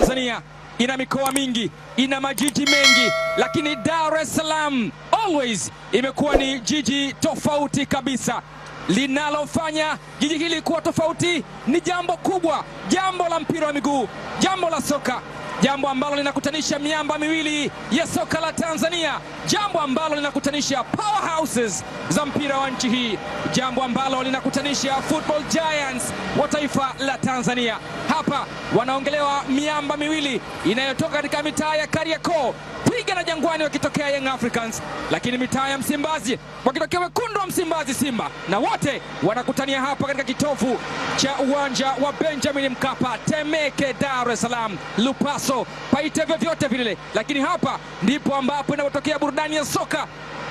Tanzania ina mikoa mingi, ina majiji mengi, lakini Dar es Salaam always imekuwa ni jiji tofauti kabisa. Linalofanya jiji hili kuwa tofauti ni jambo kubwa, jambo la mpira wa miguu, jambo la soka, jambo ambalo linakutanisha miamba miwili ya soka la Tanzania, jambo ambalo linakutanisha powerhouses za mpira wa nchi hii, jambo ambalo linakutanisha football giants wa taifa la Tanzania hapa wanaongelewa miamba miwili inayotoka katika mitaa ya Kariakoo, Twiga na Jangwani wakitokea Young Africans, lakini mitaa ya Msimbazi wakitokea wekundu wa Msimbazi, Simba, na wote wanakutania hapa katika kitovu cha uwanja wa Benjamin Mkapa, Temeke, Dar es Salaam, Lupaso, paite vyovyote vile, lakini hapa ndipo ambapo inapotokea burudani ya soka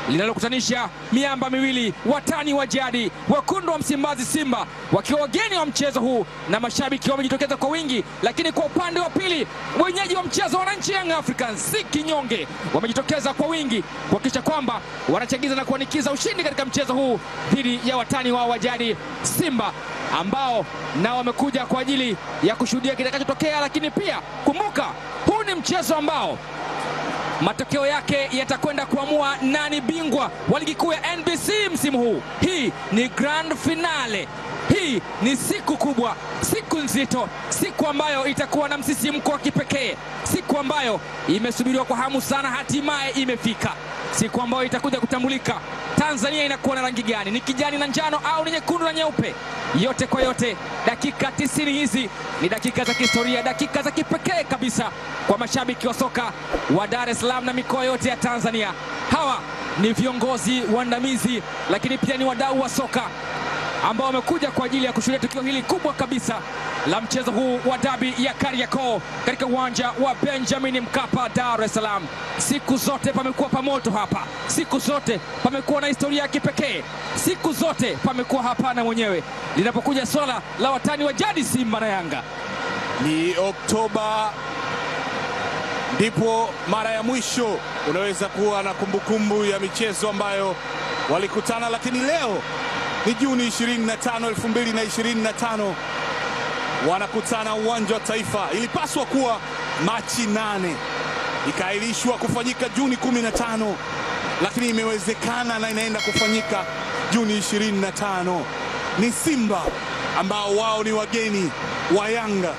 linalokutanisha miamba miwili, watani wa jadi, wekundu wa Msimbazi Simba wakiwa wageni wa mchezo huu na mashabiki wamejitokeza kwa wingi. Lakini kwa upande wa pili, wenyeji wa mchezo, wananchi Young Africans si kinyonge, wamejitokeza kwa wingi kuhakikisha kwamba wanachagiza na kuanikiza ushindi katika mchezo huu dhidi ya watani wao wa jadi Simba ambao nao wamekuja kwa ajili ya kushuhudia kitakachotokea. Lakini pia kumbuka, huu ni mchezo ambao matokeo yake yatakwenda kuamua nani bingwa wa ligi kuu ya NBC msimu huu. Hii ni grand finale. Hii ni siku kubwa, siku nzito, siku ambayo itakuwa na msisimko wa kipekee, siku ambayo imesubiriwa kwa hamu sana, hatimaye imefika siku ambayo itakuja kutambulika Tanzania inakuwa na rangi gani, ni kijani na njano au ni nyekundu na nyeupe? Yote kwa yote, dakika tisini hizi ni dakika za kihistoria, dakika za kipekee kabisa kwa mashabiki wa soka wa Dar es Salaam na mikoa yote ya Tanzania. Hawa ni viongozi waandamizi, lakini pia ni wadau wa soka ambao wamekuja kwa ajili ya kushuhudia tukio hili kubwa kabisa la mchezo huu wa dabi ya Kariakoo katika uwanja wa Benjamin Mkapa, Dar es Salaam. Siku zote pamekuwa pamoto hapa, siku zote pamekuwa na historia ya kipekee, siku zote pamekuwa hapana mwenyewe linapokuja swala la watani wa jadi Simba na Yanga. Ni Oktoba ndipo mara ya mwisho unaweza kuwa na kumbukumbu ya michezo ambayo walikutana, lakini leo ni Juni 25, 2025 wanakutana uwanja wa Taifa. Ilipaswa kuwa Machi nane, ikaairishwa kufanyika Juni 15 lakini imewezekana na inaenda kufanyika Juni 25. Ni Simba ambao wao ni wageni wa Yanga,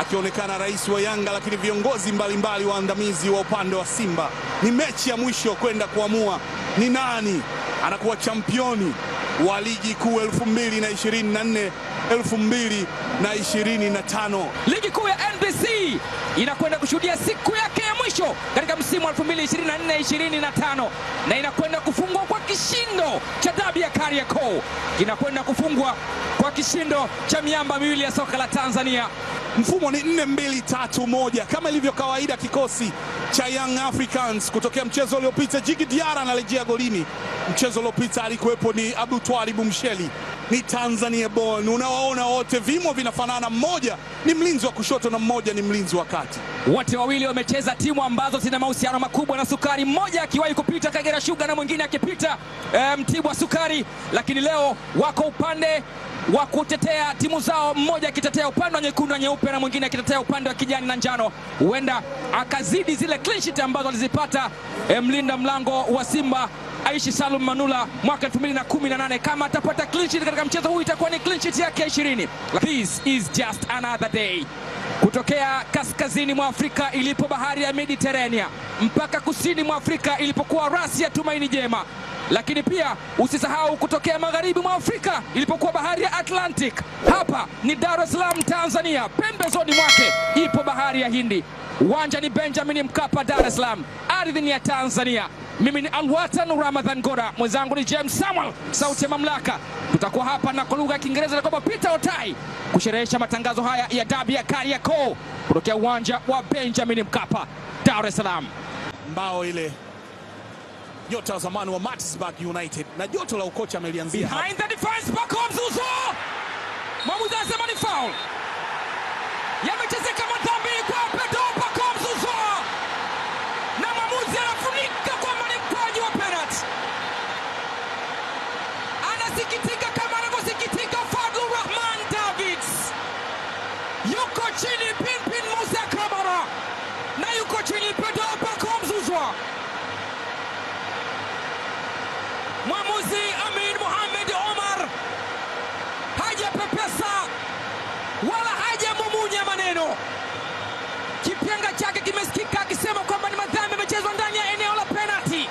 akionekana rais wa Yanga, lakini viongozi mbalimbali waandamizi wa upande wa Simba. Ni mechi ya mwisho kwenda kuamua ni nani anakuwa championi wa ligi kuu 2024 2025. Ligi kuu ya NBC inakwenda kushuhudia siku yake mwisho katika msimu wa 2024 25 na inakwenda kufungwa kwa kishindo cha dabi ya Kariakoo, kinakwenda kufungwa kwa kishindo cha miamba miwili ya soka la Tanzania. Mfumo ni 4 2 3 1 kama ilivyo kawaida, kikosi cha Young Africans kutokea mchezo uliopita. Jigi Diara anarejea golini. Mchezo uliopita alikuwepo ni Abdutwaribu Msheli ni Tanzania born. Unawaona wote vimo vinafanana, mmoja ni mlinzi wa kushoto na mmoja ni mlinzi wa kati. Wote wawili wamecheza timu ambazo zina mahusiano makubwa na sukari, mmoja akiwahi kupita Kagera Sugar na mwingine akipita eh, Mtibwa Sukari, lakini leo wako upande wa kutetea timu zao, mmoja akitetea upande wa nyekundu na nyeupe na mwingine akitetea upande wa kijani na njano. Huenda akazidi zile clean sheet ambazo alizipata eh, mlinda mlango wa Simba Aishi Salum Manula mwaka 2018 kama atapata clean sheet katika mchezo huu itakuwa ni clean sheet yake 20. This is just another day. Kutokea kaskazini mwa Afrika ilipo bahari ya Mediterania mpaka kusini mwa Afrika ilipokuwa rasi ya Tumaini Jema, lakini pia usisahau kutokea magharibi mwa Afrika ilipokuwa bahari ya Atlantic. Hapa ni Dar es Salaam, Tanzania, pembezoni mwake ipo bahari ya Hindi. Uwanja ni Benjamin Mkapa, Dar es Salaam, ardhi ni ya Tanzania. Mimi ni Alwatan Ramadhan Gora, mwenzangu ni James Samuel, sauti ya mamlaka. Tutakuwa hapa na kwa lugha ya Kiingereza na kwamba Peter Otai kusherehesha matangazo haya ya dabi ya Kariakoo kutokea uwanja wa Benjamin Mkapa, Dar es Salaam. Mbao ile nyota wa zamani wa Maritzburg United na joto la ukocha amelianzia behind the defense, Bako Mzuzu mwamuzi anasema ni foul, yamechezeka madhambi Nilipata hapa kwa Mzuzwa. Mwamuzi Amin Mohamed Omar hajapepesa wala hajamumunya maneno, kipenga chake kimesikika akisema kwamba ni madhambi amechezwa ndani ya eneo la penalty,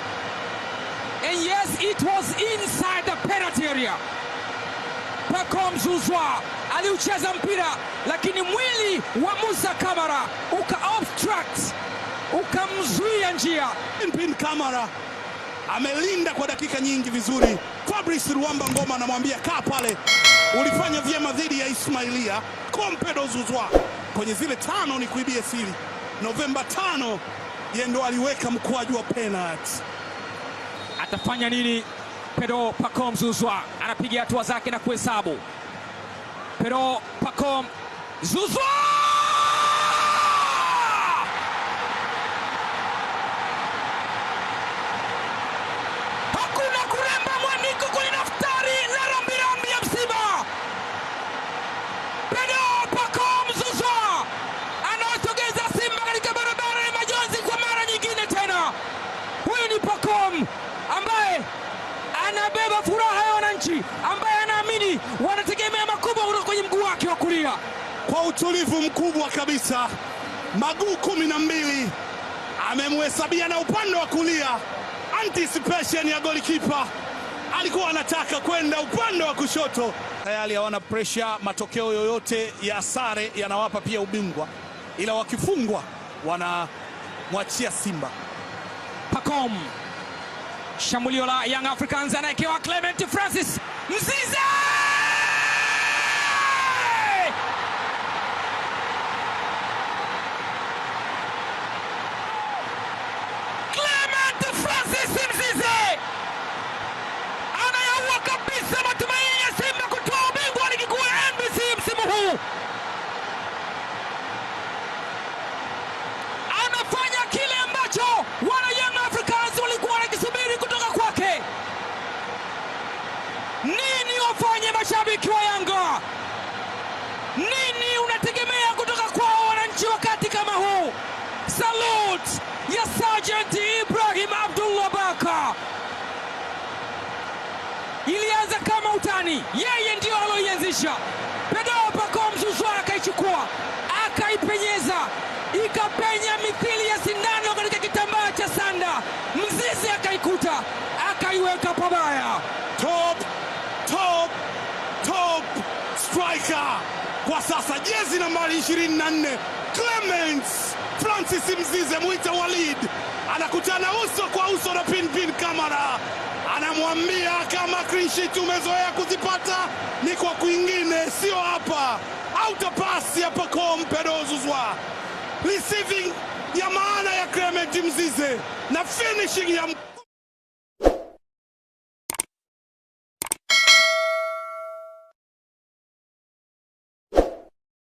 and yes it was inside the penalty area. Pacome Zouzoua aliucheza mpira, lakini mwili wa Musa Kamara uka ukamzuia njia. Mpini Kamara amelinda kwa dakika nyingi vizuri. Fabrice Ruamba Ngoma anamwambia kaa pale, ulifanya vyema dhidi ya Ismailia. Kompedo Zuzwa kwenye zile tano, ni kuibia siri. Novemba tano, yendo ndo aliweka mkwaju wa penalti. Atafanya nini? Pedro Pacom Zuzwa anapiga hatua zake na kuhesabu. Pedro Pacom Zuzwa kubeba furaha ya wananchi, ambaye anaamini wanategemea makubwa kutoka kwenye mguu wake wa kulia. Kwa utulivu mkubwa kabisa, maguu kumi na mbili amemhesabia na upande wa kulia, anticipation ya golikipa alikuwa anataka kwenda upande wa kushoto. Tayari hawana presha, matokeo yoyote ya sare yanawapa pia ubingwa, ila wakifungwa wanamwachia Simba Pacome Shambulio la Young Africans anaekewa Clement Marekani, yeye ndiyo aloianzisha. Pedro Pacom Zouzoua akaichukua akaipenyeza, ikapenya mithili ya sindano katika kitambaa cha sanda, mzizi akaikuta, akaiweka pabaya. Top, top, top striker kwa sasa, jezi nambari 24 Clemens Francis Mzize, mwite Walid anakutana uso kwa uso na Pinpin Kamara, anamwambia kama clean sheet umezoea kuzipata ni kwa kwingine, sio hapa. Outapasi ya Pacome Pedro Zuzwa, receiving ya maana ya Clement Mzize na finishing ya